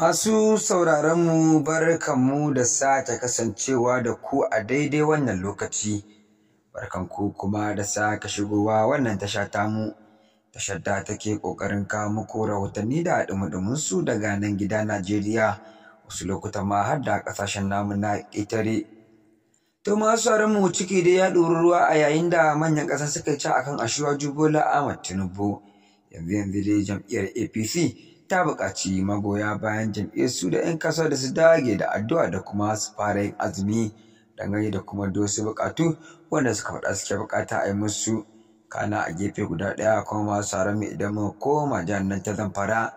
Masu sauraronmu barkanmu da sake kasancewa da ku a daidai wannan lokaci, barkanku kuma da sake shigowa wannan tasha tamu, tashar da take ƙoƙarin kawo muku rahotanni da ɗumuɗuminsu daga nan gida Najeriya, wasu lokutan ma har da ƙasashen namu na ƙetare. To masu mu ciki dai ya ɗori ruwa a yayin da manyan ƙasa suka ci akan Ashiwaju Bola Ahmad Tinubu, yanzu yanzu dai jam'iyyar APC ta buƙaci magoya bayan jam'iyyar su da 'yan kasuwa da su dage da addu'a da kuma su fara yin azumi dangane da kuma dosu buƙatu wanda suka faɗa suke buƙata a yi musu kana a gefe guda ɗaya kuma masu haramu idan mu koma jihar nan ta zamfara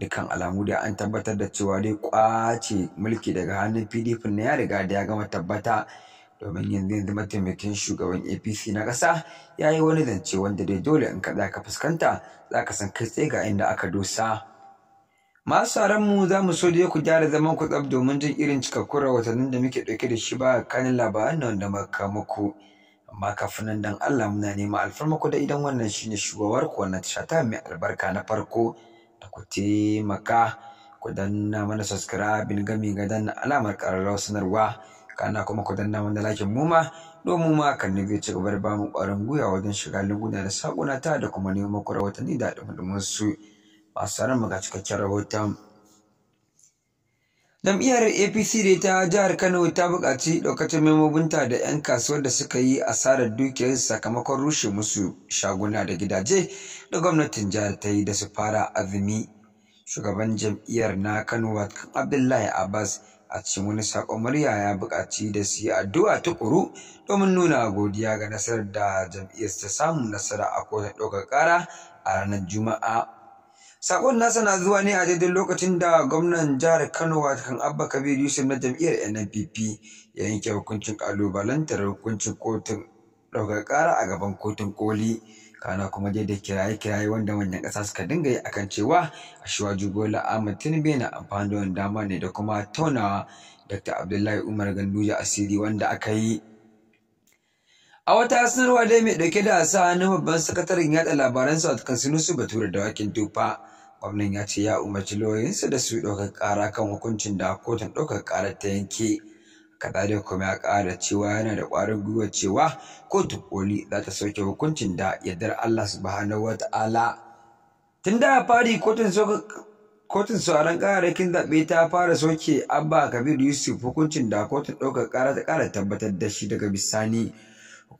dukkan alamu da an tabbatar da cewa dai ƙwace mulki daga hannun pdp na ya riga da ya gama tabbata domin yanzu yanzu mataimakin shugaban apc na ƙasa ya yi wani zance wanda dai dole in ka za ka fuskanta za ka san kai tsaye ga inda aka dosa. masu mu za mu so dai ku gyara zaman ku tsab domin jin irin cikakkun rahotannin da muke ɗauke da shi ba kanin labaran nan da muka muku amma kafin nan dan Allah muna nema ku da idan wannan shine shugabar ku wannan tasha ta mai albarka na farko da ku taimaka ku danna mana subscribing gami ga danna alamar ƙararrawar sanarwa kana kuma ku danna mana lakin mu ma domin ma kan ne zai ci gaba da bamu ƙwarin gwiwa wajen shiga lunguna da saƙuna ta da kuma neman ku rahotanni da ɗumuɗumin su. wasarar ga cikakken rahoton jam'iyyar apc da ta jihar kano ta buƙaci ɗaukacin memobinta da 'yan kasuwar da suka yi asarar dukiyar sakamakon rushe musu shaguna da gidaje da gwamnatin jihar ta yi da su fara azumi shugaban jam'iyyar na kano watan abdullahi abbas a cikin wani saƙon murya ya buƙaci da su yi addu'a tukuru domin nuna godiya ga nasarar da jam'iyyar ta samu nasara a kotun ɗaukar ƙara a ranar juma'a Sakon nasa na zuwa ne a daidai lokacin da gwamnan jihar Kano watakan Abba Kabir Yusuf na jam'iyyar NPP ya yanke hukuncin kalubalantar hukuncin kotun ɗaukar ƙara a gaban kotun koli. Kana kuma dai da kiraye-kiraye wanda manyan ƙasa suka dinga yi akan cewa a shiwaju Jugola Ahmad Tinubu na amfani da wani dama ne da kuma taunawa Dr. Abdullahi Umar Ganduja asiri wanda aka yi. A wata sanarwa dai mai ɗauke da sa na babban sakataren yaɗa labaran South Kansinusu Bature da Wakin Tufa. gwamnan ya ce ya umarci lauyoyinsa da su ɗaukar ƙara kan hukuncin da kotun ɗaukar ƙara ta yanke kadalin kuma ya ƙara cewa yana da ƙwarin gwiwa cewa kotun koli za ta sauke hukuncin da yardar Allah subhanahu wata'ala tun da fari kotun kotun sauran ƙararrakin zaɓe ta fara soke abba kabir yusuf hukuncin da kotun ɗaukar ƙara ta ƙara tabbatar da shi daga bisani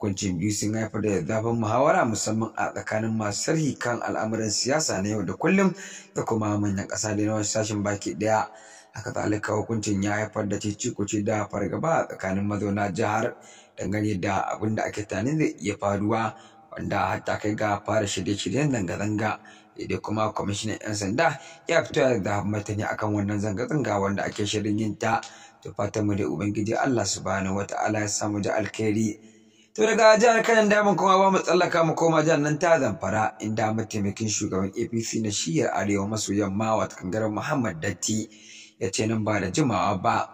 hukuncin biyu sun haifar da zafin muhawara musamman a tsakanin masu sarhi kan al'amuran siyasa na yau da kullum da kuma manyan ƙasa da na sashen baki ɗaya haka zalika hukuncin ya haifar da cicci-kuci, da fargaba a tsakanin mazauna jihar dangane da abin da ake tunanin zai iya faruwa wanda hatta kai ga fara shirye-shiryen zanga-zanga da kuma kwamishinan 'yan sanda ya fito da martani akan wannan zanga-zanga wanda ake shirin yin ta da fatan mu da ubangiji Allah subhanahu wata'ala ya samu da alkhairi To daga jihar Kano damun kuma ba mu tsallaka mu koma jihar nan ta Zamfara inda mataimakin shugaban APC na shiyar Arewa maso yamma wata kangaren Muhammad Datti ya ce nan ba da jimawa ba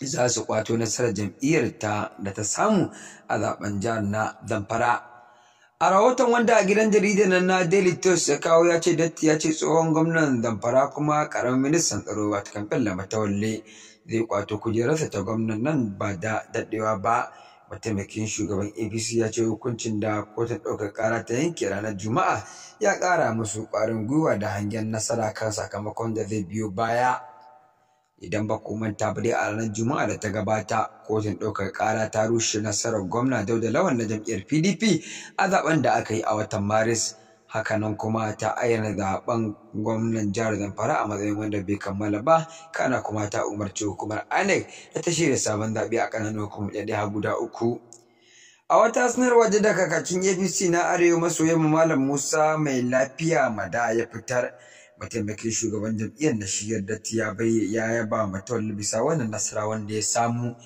za su kwato nasarar jam'iyyar ta da ta samu a zaben jihar na Zamfara. A rahoton wanda a gidan jaridar nan na Daily Trust ya kawo ya ce Datti ya ce tsohon gwamnan Zamfara kuma karamin ministan tsaro wata kamfen Lamatawalle zai kwato kujerarsa ta gwamnan nan ba da daɗewa ba. mataimakin shugaban apc ya ce hukuncin da kotun ɗaukar ƙara ta yanke ranar juma'a ya ƙara musu ƙwarin gwiwa da hangen nasara kan sakamakon da zai biyo baya idan ba ku manta ba dai a ranar juma'a da ta gabata kotun ɗaukar ƙara ta rushe nasarar gwamna dauda lawan na jam'iyyar pdp a zaben da aka yi a watan maris hakanan kuma ta ayyana zaben gwamnan jihar zamfara a matsayin wanda bai kammala ba kana kuma ta umarci hukumar anec da ta shirya sabon zaɓe a ƙananan hukumar har guda uku a wata sanarwa da kakacin apc na arewa maso yamma malam musa mai lafiya mada ya fitar mataimakin shugaban jam'iyyar na shiyar da ya yaba matawalli bisa wannan nasara wanda ya samu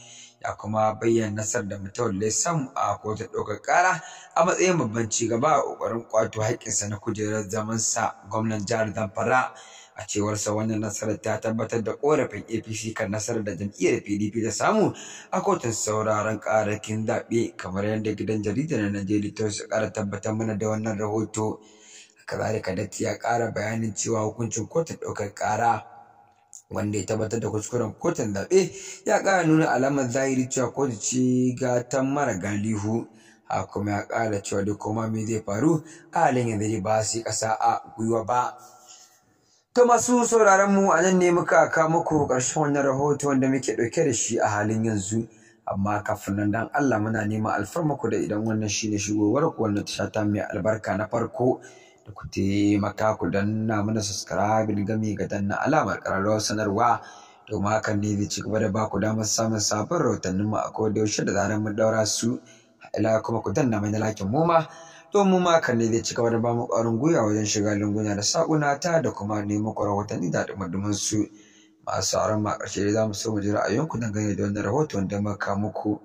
ya kuma bayyana nasar da mutawallai samu a kotun ɗaukar ƙara a matsayin babban cigaba a ƙoƙarin ƙwato haƙƙinsa na kujerar zamansa gwamnan jihar zamfara a cewar sa wannan nasarar ta tabbatar da ƙorafin apc kan nasarar da jam'iyyar pdp ta samu a kotun sauraron karakin zaɓe kamar yadda gidan jarida na najeriya ta wasu ƙara tabbatar mana da wannan rahoto kazalika datti ya ƙara bayanin cewa hukuncin kotun ɗaukar ƙara wanda ya tabbatar da kuskuren kotun zaɓe ya ƙara nuna alamar zahiri cewa kotu ce gatan mara galihu haka kuma ya ƙara cewa duk kuma me zai faru a halin yanzu dai ba su yi ƙasa a gwiwa ba. To masu sauraron mu a nan ne muka kawo muku ƙarshen wannan rahoto wanda muke ɗauke da shi a halin yanzu. amma kafin nan dan Allah muna neman alfarmako da idan wannan shine shigowar ku wannan tasha ta mai albarka na farko da ku taimaka ku danna mana subscribing gami ga danna alamar ƙararrawar sanarwa domin hakan ne zai ci gaba da ba ku damar samun sabon mu a kodayaushe da zaran mun daura su ila kuma ku danna mai lakin mu ma domin ma hakan ne zai ci gaba da ba mu ƙwarin gwiwa wajen shiga lunguna da saƙuna ta da kuma neman ku rahotanni da dumadumin su masu sauran ma ƙarshe za mu so mu ji ra'ayinku dangane da wannan rahoton da muka muku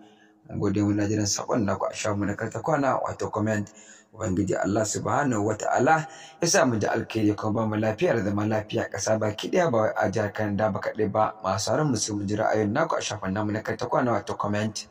mun gode muna jiran saƙon naku a shamu na karta kwana wato comment Ubangiji Allah subhanahu wa ta'ala ya sa mu da alkhairi ko ba mu lafiya da zama lafiya ƙasa ba ɗaya ba a jihar kanada ba kaɗai ba masu harin mu sai mu ji ra'ayin naku a shafin namu na kai ta kwana wato comment.